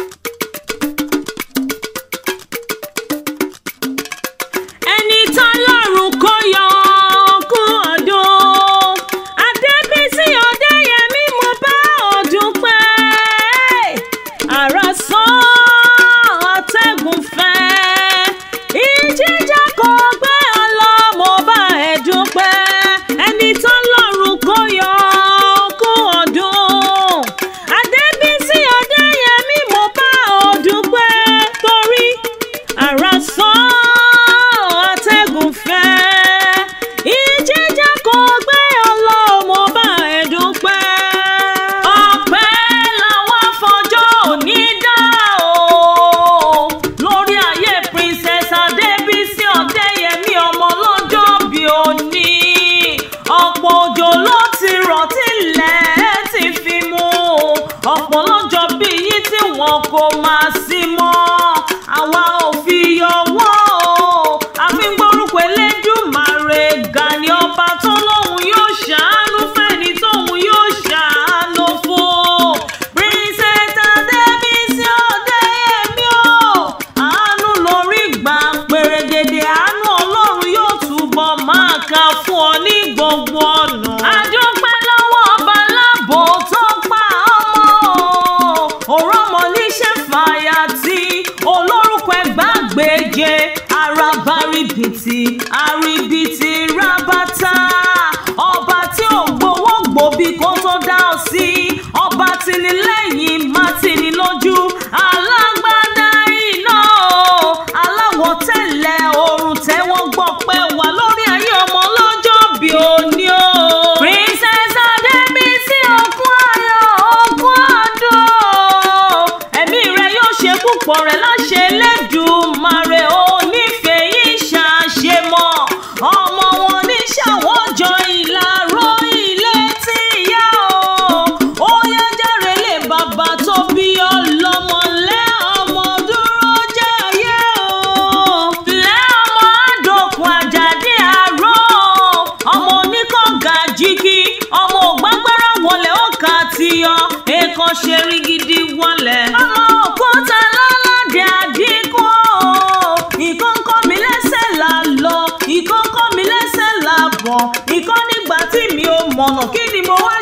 Thank you. òjò ló ti rọ̀ tilẹ̀ ti fi mú ọ̀pọ̀ lọ́jọ́ bí yìí tí wọn kò máa sí. ṣẹ̀fàyà tí olórúkọ ẹgbàgbéje araba ribiti aribiti rabata ọba tí ò gbowó gbòbí kó tó dá ọ sí. yọ èèkàn ṣe rí gidi wọlé. ọmọ òkúta lọ́lọ́dẹ àdínkù ìkóńkó mi lẹ́sẹ̀ là lọ ìkóńkó mi lẹ́sẹ̀ là bọ̀ ìkọ́ nígbà tí mi ò mọ̀nà kí ni mo wá